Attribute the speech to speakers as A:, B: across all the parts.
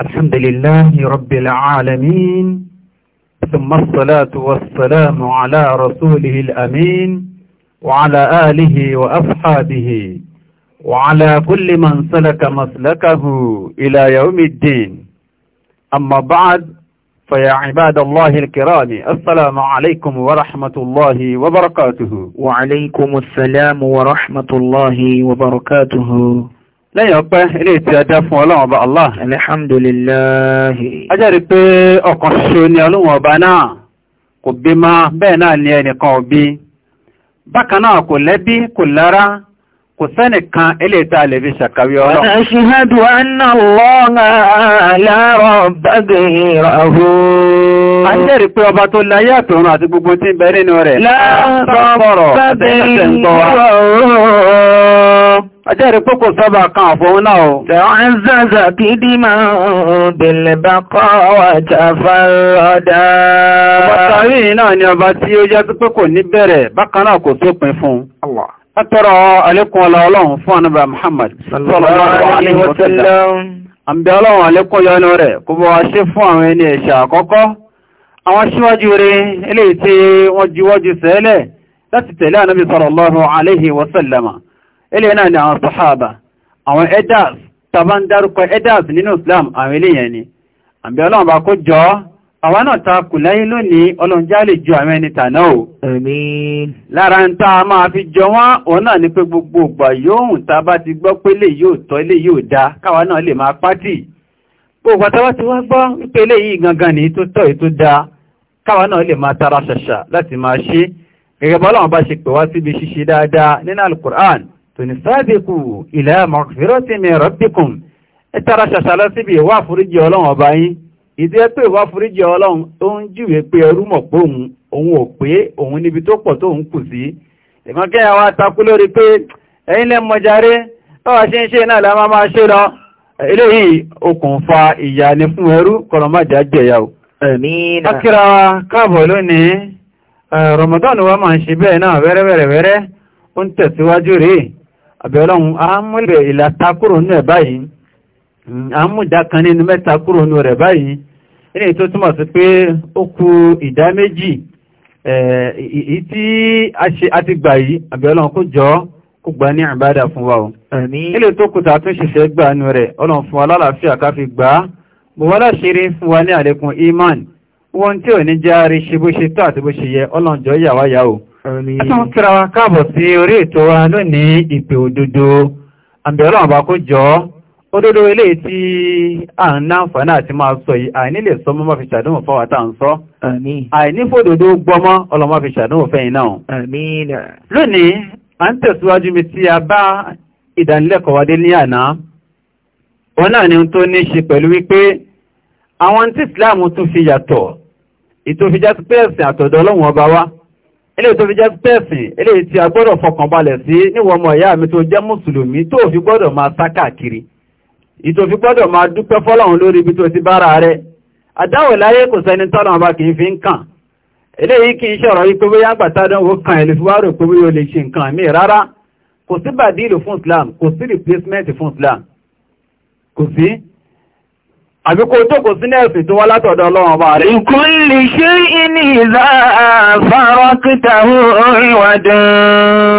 A: الحمد لله رب العالمين ثم الصلاة والسلام على رسوله الأمين وعلى آله وأصحابه وعلى كل من سلك مسلكه إلى يوم الدين أما بعد فيا عباد الله الكرام السلام عليكم ورحمة الله وبركاته وعليكم السلام ورحمة الله وبركاته lẹ́yìn ọpẹ́ ilé ìtì adá fún ọlọ́run ọba Allah. alhamdulillahi. a jẹ́rìí pé ọ̀kan ṣoṣo ni ọlọ́run ọba náà kò bí ma bẹ́ẹ̀ náà ni ẹnìkan ò bí bákan náà kò lẹ́bí kò lára kò sẹ́nìkan ilé ìtì alẹ́ fi ọlọ́run. wa ashhadu anna Ajẹ́rì púpù sọ́bà kan àfòun náà o. Ṣẹ̀wọ́n zàzà kìdí máa ń bèèrè bá kọ́ ọjà fárọ́dá. Bọ́tàrí náà ni ọba tí ó jẹ́ pé kò ní bẹ̀rẹ̀ bákan náà kò tó pin fún. Látọ́rọ alékún ọlá ọlọ́run fún ànábà Muhammad. Àbí ọlọ́run alékún yọnu rẹ̀ kò bọ́ ṣe eléyìn náà ni àwọn sọ̀háàbà àwọn edas tàbá ń dárúkọ edas nínú Islam àwọn eléyìn ni àbí ọlọ́run bá kó jọ àwọn náà ta kù láyé lónìí ọlọ́run já lè ju àwọn ẹni tàná o lára ń ta máa fi jọ wọ́n òun náà ni pé gbogbo ìgbà yóò ta bá ti gbọ́ pé lè yóò tọ́ lè yóò dá káwa náà lè máa pátì gbogbo àtàwà ti wá gbọ́ wípé eléyìí gangan ní tó tọ́ ètò dá káwa náà lè máa tara ṣàṣà láti máa ṣe gẹ́gẹ́ bọ́lọ́run bá ṣe pè wá síbi ṣíṣe dáadáa nínú alukur'an sùnìsáàbìkù ilẹ̀ mọ̀kìfìrọ́tìmì rọ́bìkùn ẹtara ṣàṣàlọ́ síbi ìwà àforíjì ọlọ́run ọba yín ìdí ẹ pé ìwà àforíjì ọlọ́run ó ń júwe pé ẹrú mọ̀ pé òun òun ò pé òun níbi tó pọ̀ tó ń kù sí ìmọ̀ wa takú lórí pé ẹ̀yin lẹ́ mọ̀járe báwa ṣe ń ṣe náà la máa ṣe lọ eléyìí okùnfà ìyà ni fún ẹrú kọlọmájà jẹ̀yà o. akíra káàbọ̀ lónìí Ramadan wa máa ń ń tẹ̀síwájú rèé àbẹ̀ọ́lọ́run a mú rẹ̀ ìlàta kúrò nínú ẹ̀ báyìí a mú ìdá kan nínú mẹ́ta kúrò nínú rẹ̀ báyìí ní ètò túnmọ̀ sí pé ó kù ìdá méjì èyí tí a ti gbà yìí àbẹ̀ọ́lọ́run kó jọ kó gbà ní àbádà fún wa o ilé tó kùtà tún ṣiṣẹ́ gbà nínú rẹ̀ Ẹ̀sùn kíra wa káàbọ̀ sí orí ètò wa lónìí ìpè òdodo. Àbẹ̀ ọlọ́run bá kó jọ òdodo ilé tí à ń náǹfààní àti máa sọ yìí, àìní lè sọ mọ́ máa fi ṣàdánwò fọ́wà tá à ń sọ. Àìní fòdodo gbọmọ́ ọlọ́mọ fi ṣàdánwò fẹ́yìn náà. Lónìí, eléyìí tó fi jẹ́ pẹ́ẹ̀sìn eléyìí tí a gbọ́dọ̀ fọkànbalẹ̀ sí níwọ̀n ọmọ ìyá mi tó jẹ́ mùsùlùmí tó fi gbọ́dọ̀ máa sá káàkiri ìtòfi gbọ́dọ̀ máa dúpẹ́ fọ́lọ́run lórí ibi tó ti bára rẹ̀ àdáwò láyé kò sẹ́ni tọ́lọ́run bá kìí fi ń kàn eléyìí kìí àbí kò tó kò sínú ẹ̀sìn tó wá látọ̀dọ̀ ọlọ́run ọba rẹ̀. ìkúnlẹ̀ ṣe ìní ìzá àfárọ́kítà orin wàdán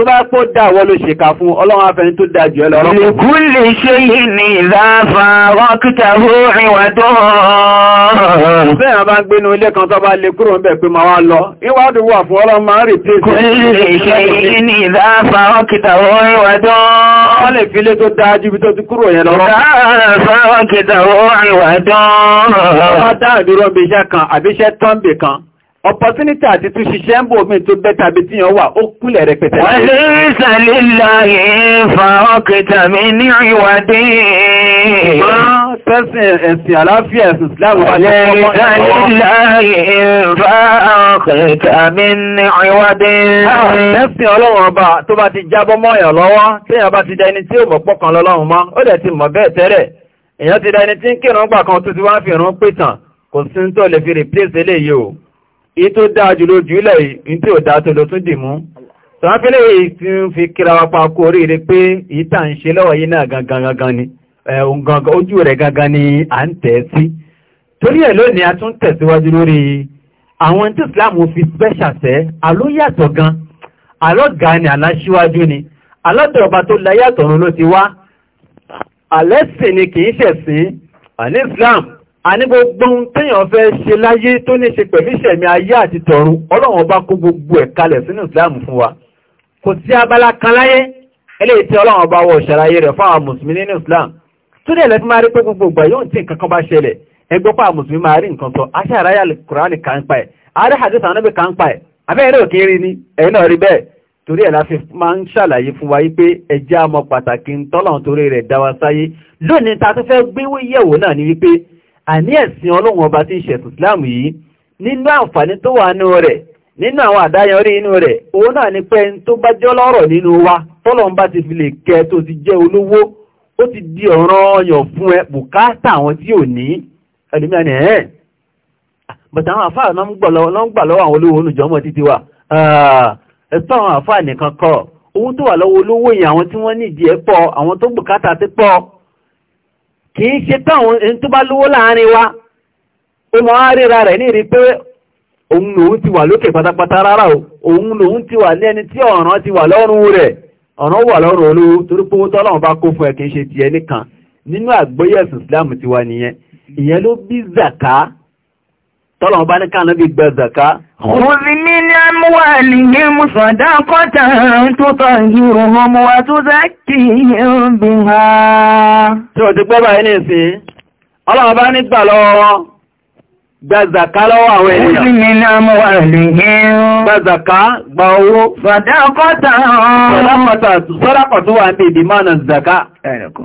A: tó bá pọ́ dá wọ́n ló ṣèkà fún ọlọ́run afẹ́ni tó dá jù ẹ lọ́rọ́. Lèkúlè ṣe yìí ni ìdáfà rọ́kítà hóòrin wà dán. Bẹ́ẹ̀ bá ń gbénu ilé kan tó bá lè kúrò ń bẹ̀ pé máa wá lọ. Ìwádìí wà fún ọlọ́run máa ń rì pé. ni ìdáfà rọ́kítà hóòrin wà dán. Wọ́n lè fi ilé tó dá ju ibi tó ti kúrò yẹn lọ́rọ́. kan àbí iṣẹ́ kan opportunity àti tún ṣiṣẹ́ ń bò mí tó bẹ́ tàbí tí yàn wà ó kúlẹ̀ rẹpẹtẹ. wọ́n lè sàlẹ̀ láyé fa ọkẹta mi ní ìwádìí. wọ́n tẹ́sìn ẹ̀sìn àláfíà ẹ̀sìn ìsìláàmù wà tó bá ti jábọ́ mọ́ èèyàn lọ́wọ́ téèyàn bá ti da ẹni tí ò mọ̀ pọ́kàn lọ́lọ́run mọ́ ó dẹ̀ ti mọ̀ bẹ́ẹ̀ tẹ́rẹ̀ èèyàn ti da ẹni tí ń kírun gbà kan tó ti wá fi ìrún pè kò sí ní tó lè fi replace eléyìí o èyí tó dáa jùlọ jùlọ èyí tí ò dáa tó lọ tún dì mú tọ́nàfẹ́lẹ̀ èyí tí ń fi kíra wa pa kó oríire pé èyí tà ń ṣe lọ́wọ́ yìí náà gangan ni ojú rẹ̀ gangan ni à ń tẹ̀ sí torí ẹ̀ lónìí a tún tẹ̀síwájú lórí àwọn tí Islam fi special sẹ́ alóyàtọ̀ gan alọ́gàá ni aláṣíwájú ni alọ́dọ̀ tó láyàtọ̀ ọ̀run ló ti wá alẹ́sìn ni kì í ṣẹ̀sìn àní Islam àní gbogbo ohun téèyàn fẹ́ ṣe láyé tó ní ṣe pẹ̀lú ìṣẹ̀mí ayé àti tọ̀run ọlọ́run ọba kó gbogbo ẹ̀ kalẹ̀ sínú ìsìláàmù fún wa kò sí abala kan láyé eléyìí tí ọlọ́run ọba wọ ṣàlàyé rẹ̀ fún àwọn mùsùlùmí nínú islam tó dẹ̀ lẹ́tí máa rí pé gbogbo ìgbà yóò tí nǹkan kan bá ṣẹlẹ̀ ẹgbẹ́ pa mùsùlùmí máa rí nǹkan sọ aṣáàráyà kùránì kà ń pa ni ẹ̀yin náà rí bẹ́ẹ̀ torí ẹ̀ fi máa ń ṣàlàyé fún wa yí pé ẹjẹ́ pàtàkì tọ́lọ̀ torí rẹ̀ dá sáyé lónìí ta tó fẹ́ gbéwé yẹ̀wò náà ni wípé àní ẹ̀sìn ọlọ́run ọba tí ń ṣẹ̀tù islam yìí nínú àǹfààní tó wà nínú rẹ̀ nínú àwọn àdáyanrí inú rẹ̀ òun náà ni pé ẹni tó bá jẹ́ ọlọ́rọ̀ nínú wa tọ́lọ́run bá ti fi lè kẹ́ tó ti jẹ́ olówó ó ti di ọ̀ràn ọyàn fún ẹ bùkátà àwọn tí ò ní ẹlòmíràn ni ẹ̀ẹ́ bàtà àwọn àfáà náà ń gbà lọ́wọ́ àwọn olówó olùjọ́mọ̀ títí wa ẹ̀tọ́ àwọn àfáà nìkan kọ́ owó tó wà lọ́wọ́ olówó yìí àwọn kìí ṣe táwọn ẹni tó bá lówó láàrin wa ó máa ríra rẹ̀ ní ìrí pé òun lòun ti wà lókè pátápátá rárá o òun lòun ti wà ní ẹni tí ọ̀ràn ti wà lọ́rùn rẹ̀ ọ̀ràn wà lọ́rùn olówó torí pé owó tọ́lọ́run Islam tiwa nìyẹn ìyẹn ló tọ́lọ̀wọ́ bá ní káàná bí gbẹ zaka. ní ní àmúwà lè mú sọ̀dá kọ́ta tó tọ́ ìrò ọmọ wa tó zákì bí ha. Tí ó ti pẹ́ báyìí ní ìsìn, ọlọ́wọ́ bá ní gbà lọ́wọ́ wọn, zaka lọ́wọ́ àwọn zaka gba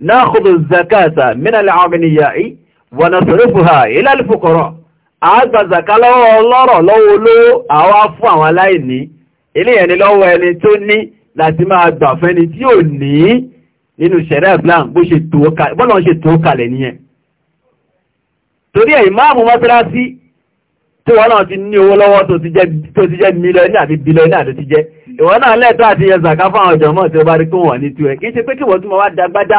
A: ناخذ الزكاة من العملياء ونصرفها إلى الفقراء àgbà zàká lọ́wọ́ ọlọ́rọ̀ lọ́wọ́ olówó àwa fún àwọn aláìní ilé ẹni lọ́wọ́ ẹni tó ní láti máa gbà fẹ́ni tí ò ní nínú ṣẹ̀rẹ́ Islam bọ́nà ṣe tó kalẹ̀ nìyẹn torí ẹ̀ ìmáàmù mọ́sálásí tí wọ́n náà ti ní owó lọ́wọ́ tó ti jẹ́ mílíọ̀nì àti bílíọ̀nì àti ti jẹ́ ìwọ́n náà lẹ́tọ́ àti yẹ zàká fáwọn ọjọ́ mọ́ tí ó bá rí kó wọ́n ní tú ẹ kìí ṣe pé kí wọ́n tún máa wá dagbádá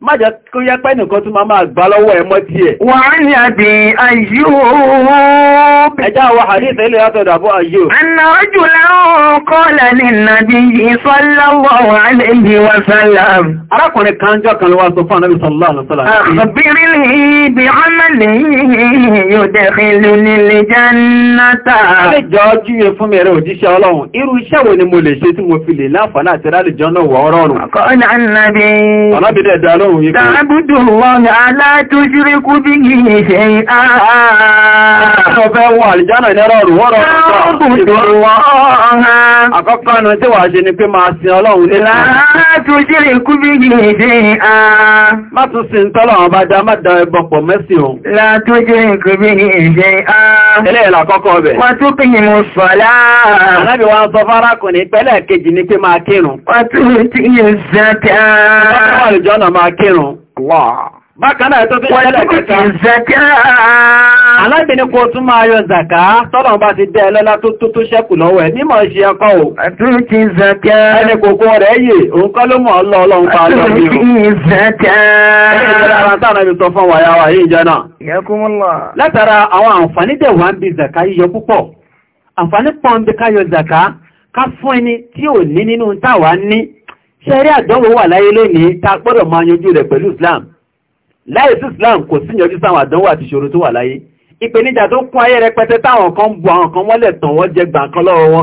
A: má jẹ́ kó yẹ́ pẹ́ nìkan tún máa máa gbà lọ́wọ́ ẹ̀mọ́ tí ẹ̀. wọ́n ní àbí Ayyub. ẹjá wa hadith ilẹ̀ látọ̀dọ̀ Abu Ayyub. anna rajulan qala linnabiyyi sallallahu alayhi wa sallam. arákùnrin kan jọ kan wá sọ fún Ànábì sallallahu wòye pé dábùdù wọn aláàtúnṣírí i ṣe ààrẹ wọn àlìjánà ìnira ọ̀rùn wọ́n rọ̀ dábùdù wọn àkọ́kọ́ ẹnu tí wà ṣe ni pé máa sin ọlọ́run ní láàtúnṣírí kú bí i ṣe ààrẹ má tún sin tọ́lọ̀wọ́n bá dá má dá ẹbọ pọ̀ mẹ́sì ohun láàtúnṣírí kú bí i ṣe ààrẹ ẹlẹ́ẹ̀lá àkọ́kọ́ bẹ̀ wọ́n tún kí ni mo sọ láàrẹ kírun. Bákan náà tó fi ṣẹlẹ̀ kẹta. Alábìnrin kò tún máa yọ zàká tọ́lọ̀ bá ti dẹ́ ẹlẹ́lá tó tó tó ṣẹ́kù lọ́wọ́ ẹ̀ mímọ̀ ṣe ẹkọ́ ò. Àtúntì zàká. Ẹni kòkó rẹ̀ yè, òun kọ́ ló mọ̀ ọlọ́ ọlọ́run pa lọ ní o. Àtúntì zàká. Ẹni ìjọba yìí ṣẹ́rí àdánwò wà láyé lónìí ta gbọ́dọ̀ máa yanjú rẹ̀ pẹ̀lú Islam láyé sí Islam kò sí yanjú sáwọn àdánwò àti ìṣòro tó wà láyé ìpèníjà tó kún ayé rẹpẹtẹ táwọn kan bu àwọn kan mọ́lẹ̀ tàn wọ́n jẹ gbà kan lọ́wọ́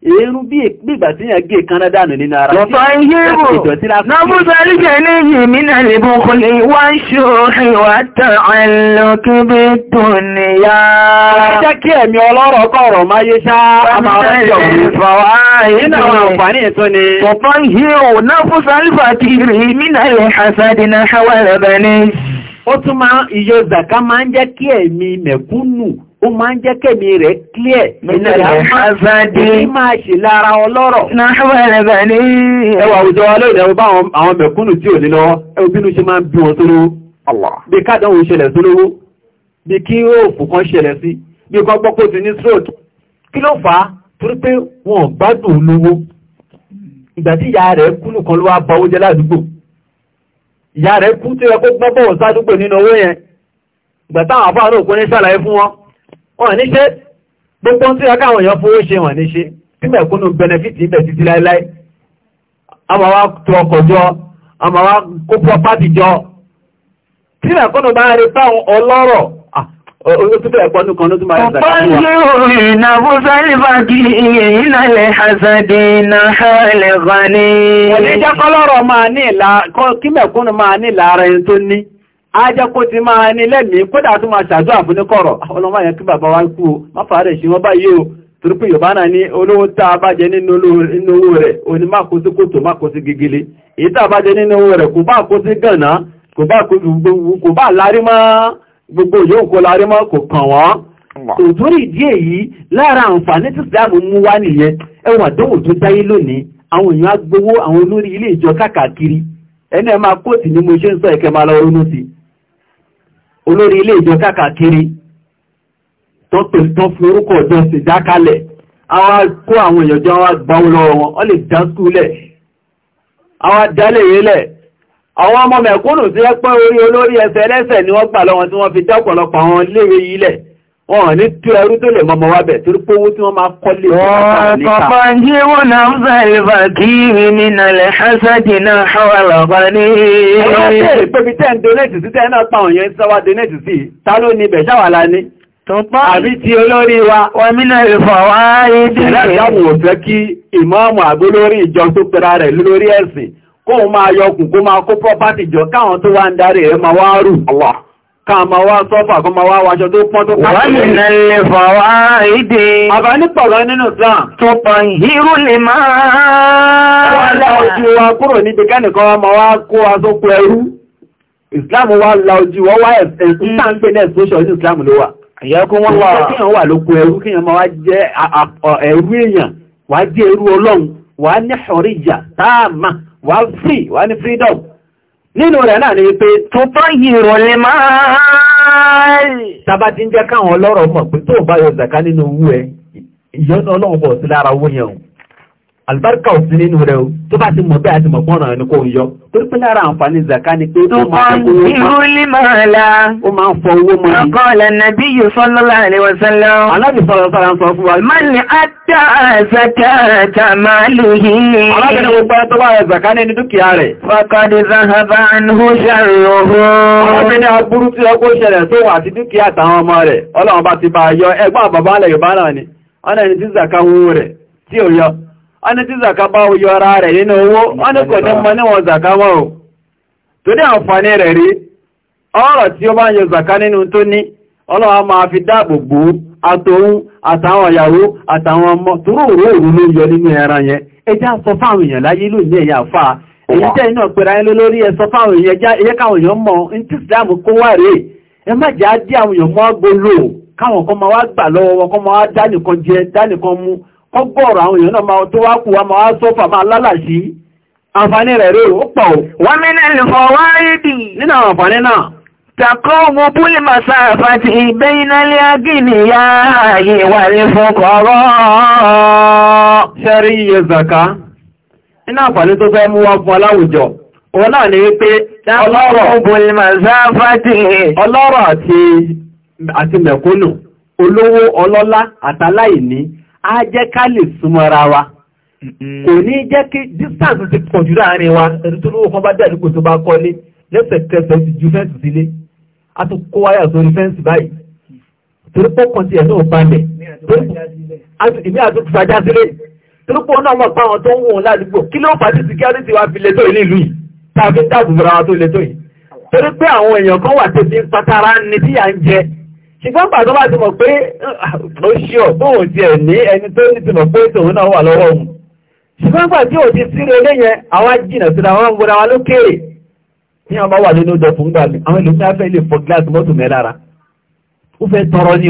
A: Èrú e- bí ìgbà tí yàn gé kan dánù nínú ara. Ọ̀tọ̀ ìyébò, lọ́bùsọ ríṣẹ́ ní ìmìnà lèbò kò lè wá ń ṣe òhìn wà tàn ẹlòkébé tó nìyà. Jẹ́ kí ẹ̀mí ọlọ́rọ̀ kọ̀rọ̀ máa yé ṣá àmà ọ̀rọ̀ ìjọ̀gbìn. Ó ó máa ń jẹ́ kẹ́mi rẹ̀ clear ìlẹ̀ àzádé máa ṣe lára ọlọ́rọ̀. na àwùjọ wa lónìí ẹwà àwọn mẹ̀kúnnù tí ò ní lọ ẹwà bínú ṣe máa ń bí wọn sólówó bí kádánwò ṣẹlẹ̀ sólówó bí kí òòfù kan ṣẹlẹ̀ sí bí kan gbọ́ pé ti ní stroke kí ló fà á torí pé wọn gbádùn olówó ìgbà tí ìyá rẹ̀ kú nìkan ló wá bá owó jẹ wọ́n ní ṣe gbogbo tí ọkà àwọn èèyàn fowó ṣe wọ́n ní ṣe tí mẹ̀kúnnù benefit ibẹ̀ títí láíláí lai, wá tó ọkọ̀ jọ àmà wá kó pọ́pátì jọ tí mẹ̀kúnnù bá rí táwọn ọlọ́rọ̀ Olótútẹ̀ kan ló tún bá kí ajẹ́ kó ti máa ní lẹ́mìí kódà tó máa ṣàdúrà fún ní kọ̀rọ̀ kí bàbá ma kú o fàárẹ̀ ṣe wọ́n o torípé yorùbá náà ní olówó tá a bá jẹ nínú owó rẹ̀ o ní má kó sí kòtò má kó sí bá jẹ nínú owó rẹ̀ kò bá kó sí gànà kò bá lárí mọ́ gbogbo yóò kó mọ́ kò kàn wọ́n olórí ilé ìjọ káàkiri tó fún orúkọ ọjọ́ sí dákálẹ̀ àwa kó àwọn èèyàn jọ àwa gbà wọn lọ́wọ́ wọn ọ lè dá skúlẹ̀ àwa dálé ìrẹ́lẹ̀ àwọn ọmọ mẹ̀kúnnù tí wọ́n orí olórí ẹsẹ̀ ẹlẹ́sẹ̀ ni wọ́n gbà lọ́wọ́ tí wọ́n fi dá ọ̀pọ̀lọpọ̀ àwọn iléèwé yìí wọn ní tí ẹrú tó lè mọmọ wábẹ̀ torí pé owó tí wọ́n máa kọ́ lè ọ̀pọ̀ jí wọ́n náà ń zàlìbà kí ìrìn ìnàlẹ̀ hasadi náà hàwàlà bá ní ẹ̀rẹ́ pẹ̀bí máa yọkùn kó máa kó pọ́pátì jọ káwọn tó wá ń darí ẹ̀ máa wá rù Allah káàmà wá sọ́fà kó ma wá wáṣọ tó pọ́n tó pàtàkì. Wọ́n nínú lè fọwá èdè. Àbá ní pọ̀lọ́ nínú Islam. Tó pọ̀n hírú lè máa. Wọ́n lá ojú wa kúrò níbi kẹ́nìkan wa ma wá kó wa tó pọ̀ ẹrú. Islam wá lá ojú wọ́n wá ẹ̀sìntàǹgbẹ̀ náà sóṣọ́ ní ní ṣọ̀ríjà, nínú rẹ̀ náà ni pé tó bá yìrò lè máa tàbá ti ń jẹ́ káwọn ọlọ́rọ̀ mọ̀ pé tó bá yọ zàká nínú owó ẹ ìyọ́nà ọlọ́run bọ̀ sí lára owó yẹn àlùbáríkà ò sí nínú rẹ̀ o tó bá ti mọ̀ bẹ́ẹ̀ àti mọ̀ pọ́nrán ẹni kò ń yọ torí pé lára àǹfààní zaka ni pé ó máa ń fọ owó mọ́ ìrúlé mọ́ra ó máa ń fọ owó mọ́ ni. ọkọ ọ̀la nàbí yìí sallallahu alaihi wasallam. aláàbì sọ̀rọ̀ sọ̀rọ̀ sọ fún wa. mọ́ni ata zaka ta máa lù yìí. alábìnrin gbogbo ẹ tó bá rẹ zaka ní dúkìá rẹ̀. faqad zahaba anhu sharruhu. alábìnrin aburú tí ọkọ̀ ṣẹlẹ̀ tó wà àti dúkìá àtàwọn ọmọ rẹ̀ ọlọ́run bá ti bá a yọ ẹgbọ́n bàbá alẹ́ yorùbá náà ni ọ̀nà ẹni tí zaka wúwo rẹ̀ tí ò yọ ọni tí zaka bá yọ ara rẹ̀ nínú owó ọni kò ní mọ́ níwọ̀n zaka mọ́ o torí àǹfààní rẹ̀ rí ọ̀rọ̀ tí ó bá yọ zaka nínú tó ní ọlọ́wà máa fi dáàbò bò àtòun àtàwọn ìyàwó àtàwọn ọmọ tóró òróòrò ló yọ nínú ẹran yẹn ẹjá sọ fáwọn èèyàn láyé ló ní ẹ̀yà fà èyí tẹ́ ọgbọ̀rọ̀ àwọn èèyàn náà máa tó wá kù wá máa sọ́fà máa lálàṣí àǹfààní rẹ̀ rẹ̀ ó pọ̀ wọ́n mínà lè fọ́ wá rídì nínú àǹfààní náà tàkọ́ ọmọ búlì ya? àfàtì ìgbé iná ààyè wà iye fún á jẹ́ ká lè súnmọ́ra wa kò ní jẹ́ kí distance ti pọ̀ jù láàrin wa ẹni tó lówó kan bá dé àdúgbò tó bá kọ́lé lẹ́sẹ̀kẹsẹ̀ ti ju fẹ́ǹsì sílé a tún kó wáyà sórí fẹ́ǹsì báyìí torí pọ́kàn tiẹ̀ náà balẹ̀ ìmí àti fàjá sílé torí pọ́ náà mọ̀ pé àwọn tó ń wọ̀n ládùúgbò kí ló fàájì security wa fi lẹ́tọ̀ ìlú yìí tá a fi dáàbò bọ̀ra wa tó lẹ́tọ̀ yìí torí pé àwọn èèyàn kan wà tó ti ń patara ní tíyà ń jẹ ṣùgbọ́n pàtó bá ti mọ̀ pé ló ah, ṣíọ̀ tóhùn ti ẹ̀ ní ẹni tó ní ti mọ̀ pé tòun náà wà lọ́wọ́ òun ṣùgbọ́n pàtí ò ti sí relé yẹn àwọn jìnà síra wọn wọra wa lókèrè ní ọmọ wà nínú ọjọ́ fún gbà mí àwọn ìlúmí afẹ́ lè fọ gíláàsì mọ́tò mẹ́ lára ó fẹ́ tọrọ ní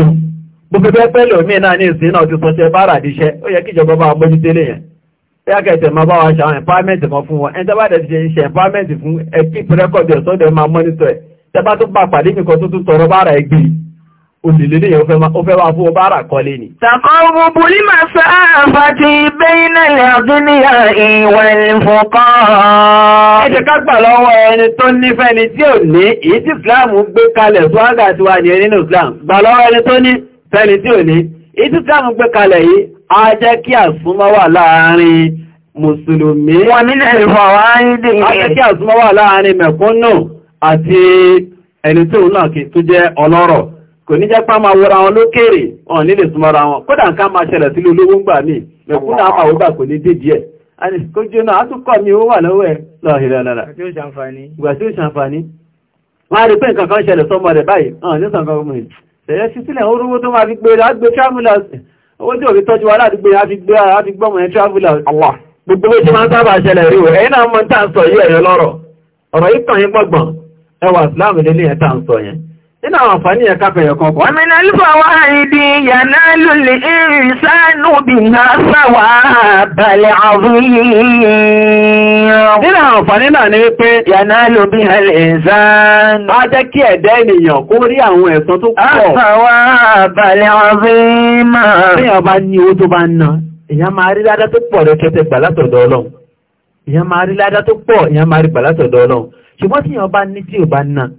A: olèlélé yẹn ó fẹ́ wá fún ọba àrà kọlé ni. Tàkọ́rù bùlí máa sọ àfà ti bẹ́ iná ilẹ̀ ọdún ní ìwẹ̀ ìfọ̀kọ́. Ẹ jẹ́ ká gbà lọ́wọ́ ẹni tó nífẹ́ ni tí ò ní èyí tí Islam gbé kalẹ̀ fún àgbà tí wà ní nínú Islam. Gbà lọ́wọ́ ẹni tó ní fẹ́ni tí ò ní. Èyí tí Islam gbé kalẹ̀ yìí, á jẹ́ kí àsúnmọ́ wà láàárín Mùsùlùmí. Wọ́n nílẹ̀ ìfọ̀wáyídì. Á kò ní jẹ́ pá máa wọra wọn lókèrè wọn nílè súnmọ́ra wọn kódà nǹkan máa ṣẹlẹ̀ sílé olówó ń gbà ní mẹ̀kúnnà àmà ògbà kò ní dé díẹ̀ kó jóná àtúkọ̀ mi ó wà lọ́wọ́ ẹ̀ lọ́hìlọ́lọ́lá ìgbà tí ó ṣàǹfààní wọ́n á rí pé nǹkan kan ṣẹlẹ̀ sọ́mọ rẹ̀ báyìí ọ̀n ní sàǹkan ọmọ yìí ṣẹ̀yẹ́ sí sílẹ̀ orúwó tó máa fi gbé lágbé travelers owó tí òfin tọ́jú wa ládùúgbé á fi Nínú àwọn àǹfààní ẹ̀ka fẹ̀yọ̀ kan kọ̀. Ọmọ ìlúfà wá ìdí yàná lulè ìrìn sáànù bí na sáwà balẹ̀ àrùn yìí. Nínú àwọn àǹfààní náà ni wípé yàná ló bí halẹ̀ ìsáànù. Á jẹ́ kí ẹ̀dá ènìyàn kó rí àwọn ẹ̀san tó pọ̀. Sáwà balẹ̀ àrùn máa. Bí ọba ní owó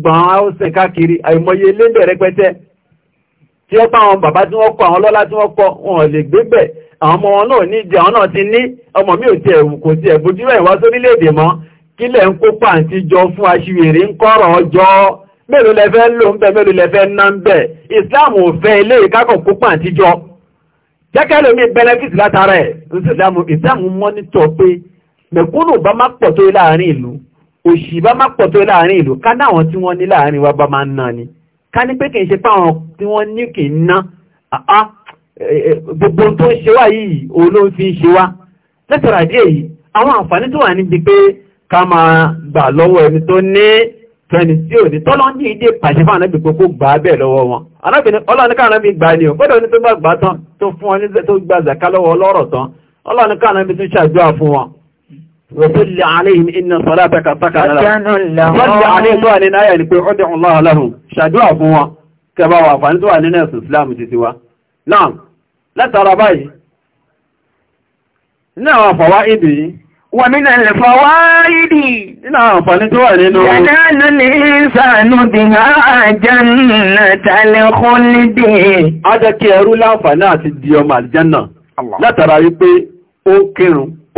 A: gbọ́n àwọn haúsẹ̀ káàkiri àìmọye lébẹ̀ rẹpẹtẹ tí ó pàwọn bàbá tí wọ́n kọ àwọn ọlọ́lá tí wọ́n kọ wọn lè gbébẹ̀ àwọn ọmọ wọn náà ní ìdí àwọn náà ti ní ọmọ mi ò ti ẹ̀wù kò ti ẹ̀bójú rẹ̀ wá sórílẹ̀-èdè mọ́ kí lẹ̀ ń kópa àti jọ fún aṣiwèrè ń kọ́rọ̀ ọjọ́ mélòó lẹ́fẹ́ ló ń bẹ mélòó lẹ́fẹ́ ná ń bẹ Islam ò fẹ́ ilé ìkákọ̀ kópa àti jọ jẹ́kẹ́ lómi benefit látara ẹ̀ Islam mọ́nítọ̀ pé mẹ̀kúnnù bá má pọ̀ tó láàrin ìlú òṣì bá má pọ̀ tó láàrin ìlú ká náwọn tí wọ́n ní láàrin wa bá máa ń ná ni ká ní pé kì í ṣe páwọn tí wọ́n ní kì í ná gbogbo tó ń ṣe wá yìí olóhun fi ń ṣe wá lẹ́tọ̀rọ̀ àdíẹ̀ yìí àwọn àǹfààní tó wà níbi pé ká máa gbà lọ́wọ́ ẹni tó ní tẹni tí ò ní tọ́lọ́ ní ìdí pàṣẹ fún ànábì gbogbo gbà á bẹ́ẹ̀ lọ́wọ́ wọn arábìnrin ọlọ́run ká ànábì gbà ni ò gbọ́dọ̀ وصل عليهم إِنَّ صَلَاتَكَ سكن لهم صل عليهم سؤال الآية لكي أدعو الله لهم شادوا أبوا كما وافعل سؤال الناس الإسلام تسوى نعم لا ترى باي نعم فوائدي ومن الفوائد نعم فنسوى لنو ينال الإنسان بها جنة الخلد هذا كيرو لا فنات الديوم الجنة لا ترى يبي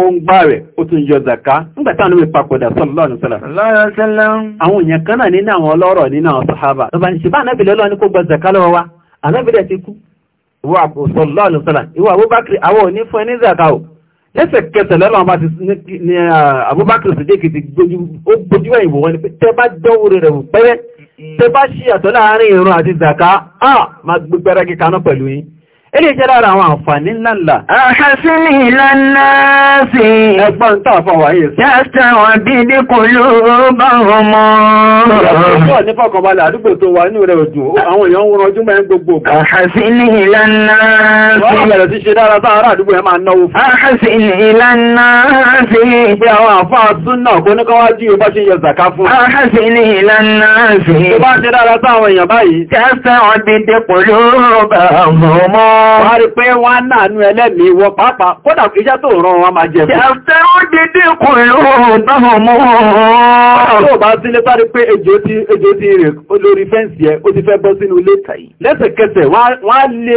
A: òǹgbà rẹ̀ ó tún yọ zaka nígbàtà ní ìpapòdà sallallahu alaihi wasallam àwọn èèyàn kan náà nínú àwọn ọlọ́rọ̀ nínú àwọn sàhábà lọ́bà ní ṣìbá anábìlẹ̀ ọlọ́run ní kó gba zaka wa anábìlẹ̀ ti kú ìwọ sallallahu alaihi wasallam ìwọ zaka o lẹ́sẹ̀kẹsẹ̀ lọ́lọ́run bá ti ni pé tẹ́ bá dọ́wọ́rẹ́ rẹ̀ pẹ́rẹ́ tẹ́ bá ṣíyàtọ̀ láàárín zaka ah ma gbẹgbẹrẹ kíkaná pẹ̀lú ilé jẹ́ lára àwọn àǹfààní ńláńlá. Àhásílì ìlànà Ẹgbọ́n tàà fún wa yìí. Yàtà wà bí ní kò ló bá ọmọ. Ìjọba ní fọ́kànbalẹ̀ àdúgbò tó wà ní rẹ̀ òjò, àwọn èèyàn ń ranjú mẹ́ gbogbo. Àhásílì ìlànà sí. Wọ́n bẹ̀rẹ̀ sí ṣe dára sára àwọn àfáà tún Wọ́n rí pé wọ́n náànú ẹlẹ́mìí wọ pàápàá, kódà iṣẹ́ tó rán wọn máa jẹ́ fún. Ìyàfẹ́ ó dédé kò lóòrùn náà mọ́. Tó bá sílé bá rí pé ejò ti rè lórí fẹ́ǹsì ẹ, ó ti fẹ́ bọ́ sínú ilé tàyí. Lẹ́sẹ̀kẹsẹ̀ wọ́n á lé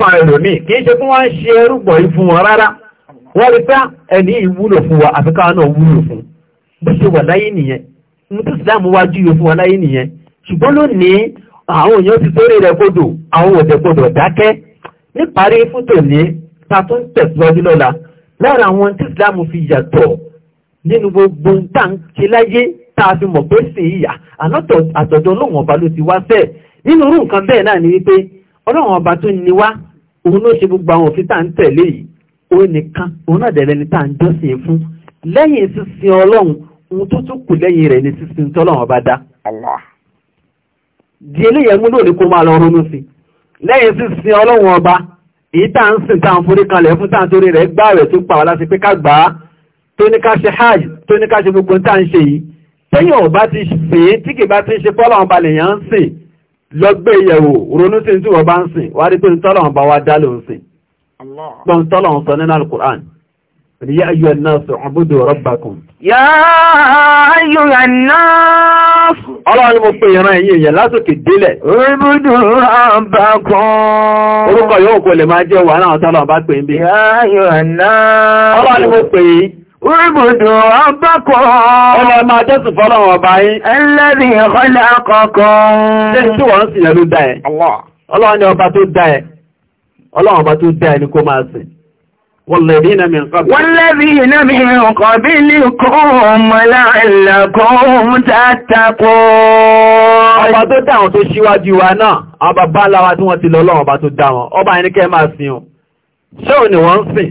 A: fún ẹlòmíì kì í ṣe fún wọ́n ń ṣe ẹrúgbọ̀ yìí fún wọn rárá wọ́n rí pé ah, ẹni ìwúlò fún wa àfikà náà wúlò fún bó ṣe wà láyé nìyẹn mú tó sì dáàmú wájú yóò fún wa láyé nìyẹn ṣùgbọ́n lónìí àwọn èèyàn ti sórí rẹ̀ kodò àwọn òdẹ̀ kodò dákẹ́ níparí fún tòní ta tó ń tẹ̀síwájú lọ́la lára àwọn tí ìsìláàmù fi yàtọ̀ nínú gbogbo tá ń ṣe láyé tá a fi mọ̀ pé sí ìyà ànátọ̀ àtọ̀dọ̀ ọlọ́wọ̀n ọba ló ti wá fẹ́ nínú irú nǹkan bẹ́ẹ̀ náà ni wípé ọlọ́wọ̀n ọba tó ní wá òun ló ṣe gbogbo àwọn òfin tá à ń tẹ̀lé yìí ó nìkan òun náà dẹ̀rẹ̀ ni tá à ń jọ́sìn fún lẹ́yìn sísin ọlọ́run ohun tó tún kù lẹ́yìn rẹ̀ ni sísin tọ́lọ́run ọba dá. di eléyẹ̀ mú lónìí kó máa lọ ronú sí lẹ́yìn sísin ọlọ́run ọba èyí tá à ń sìn tá à ń forí kanlẹ̀ fún tá à ń torí rẹ̀ gbá rẹ̀ tó pa wá láti pé ká gbà á tó ní ká ṣe hajj tó ní ká ṣe gbogbo tá à ń ṣe yìí tẹ́yìn ọba ti ṣe é tí kì lọ́gbẹ́ ìyẹ̀wò ronú sí tí wọ́n bá ń sìn wá rí pé tọ́lọ̀n bá wá dálé ń sìn pọ́n tọ́lọ̀n sọ nínú al-Qur'an ya ayyuha an-nasu ubudu rabbakum ya ayyuha an-nasu ọlọ́run mo pè ìran ẹ̀yìn èèyàn lásòkè délẹ̀ ubudu rabbakum ya ayyuha an-nasu ọlọ́run Orígbòdò ọgbọ́kọ̀ ọmọ ọmọ ajẹ́sù fọ́lọ́wọ̀n ọba yìí. Ẹlẹ́rì ọ̀họ́lẹ̀ akọ́kọ́. Ṣé tí wọ́n ń sìn ẹ̀ ló dá ẹ̀? Ọlọ́run ni ọba tó dá ẹ̀. Ọlọ́run ọba tó dá ẹ̀ ní kó máa sìn. والذين من قبل والذين من قبلكم لعلكم تتقون ọba tó dá wọn tó ṣíwájú wa náà àwọn bàbá ńlá wa tí wọ́n ti lọ lọ́wọ́ ọba tó dá wọn ọba ẹnikẹ́ máa sìn ọ́n ṣé ò ní wọ́n ń sìn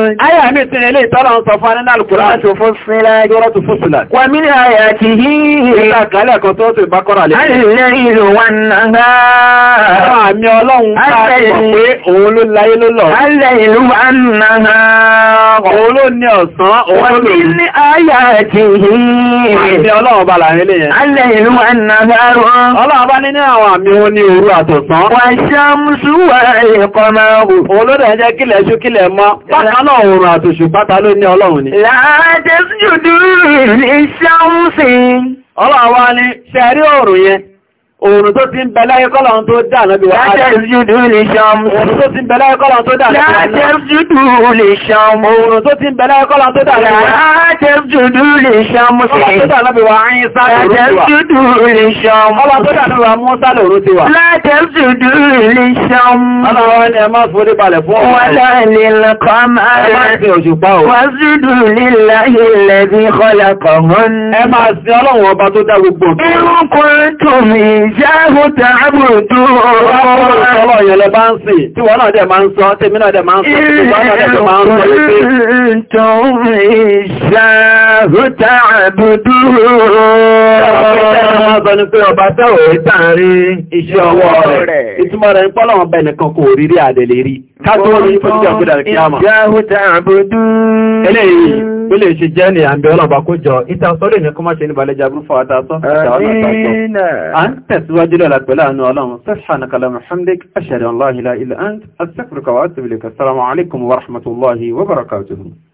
A: Ayà mi tí ilé ìtọ́lọ̀ ń sọ fún anínà alùkùrá. Wọ́n tó fún sílá. Yọ́rọ̀ tó fún sílá. Wà mí ní àyà ti hí. Ìlà kálẹ̀ kan tó tó wa náà. Àmì ọlọ́run káàkiri pé òun ló láyé ló lọ. Àìlẹ́ ìlú wa náà. Òun ló ní ọ̀sán, òun ló lò. Wà mí ní àyà ti hí. Àmì ọlọ́run bá làrin lè yẹn. Àìlẹ́ ìlú wa náà. Ọlọ́run bá ní ní àwọn àmì wọn ní òru àtọ̀sán. Wà ṣàmùsùn wà ẹ̀kọ́ máa hù oòrùn àtòṣùpátá ló ní ọlọ́run ni. Láàájẹ́ sí jùdú ní ṣáúnsìn. Ọlọ́run wá ní ṣẹ́rí oòrùn yẹn. Òòrùn tó ti ń bẹ láyé kọ́lọ̀ tó dà náà bí wà á jẹ́ ìjúdú lè ṣàmù. Òòrùn tó ti ń bẹ láyé kọ́lọ̀ tó dà náà bí wà á jẹ́ ìjúdú lè ṣàmù. Òòrùn tó ti ń bẹ láyé kọ́lọ̀ tó dà náà bí wà á jẹ́ Ọlọ́run ọba tó dá gbogbo. Irun kò tún mi ìjáhù tààbùtù ọlọ́ ìyẹ̀lẹ̀ bá ń sì tí wọ́n náà dẹ̀ máa ń sọ tèmi náà dẹ̀ máa ń sọ tí wọ́n náà dẹ̀ máa ń sọ wípé ìtọ̀hún ìjáhù tààbùtù Ilé ìṣe jẹ́ ni àmì ọlọ́bàá kó jọ, ìta sọ́lẹ̀ ní kọmọ́ ṣe ní balẹ̀ jàbúrú fọ́wátásọ́, ìta ọlọ́bàá sọ́. أدواجنا لك ولا أنه ألهم سبحانك لا محمدك أشهد أن لا إله إلا أنت أستغفرك وأتوب لك السلام عليكم ورحمة الله وبركاته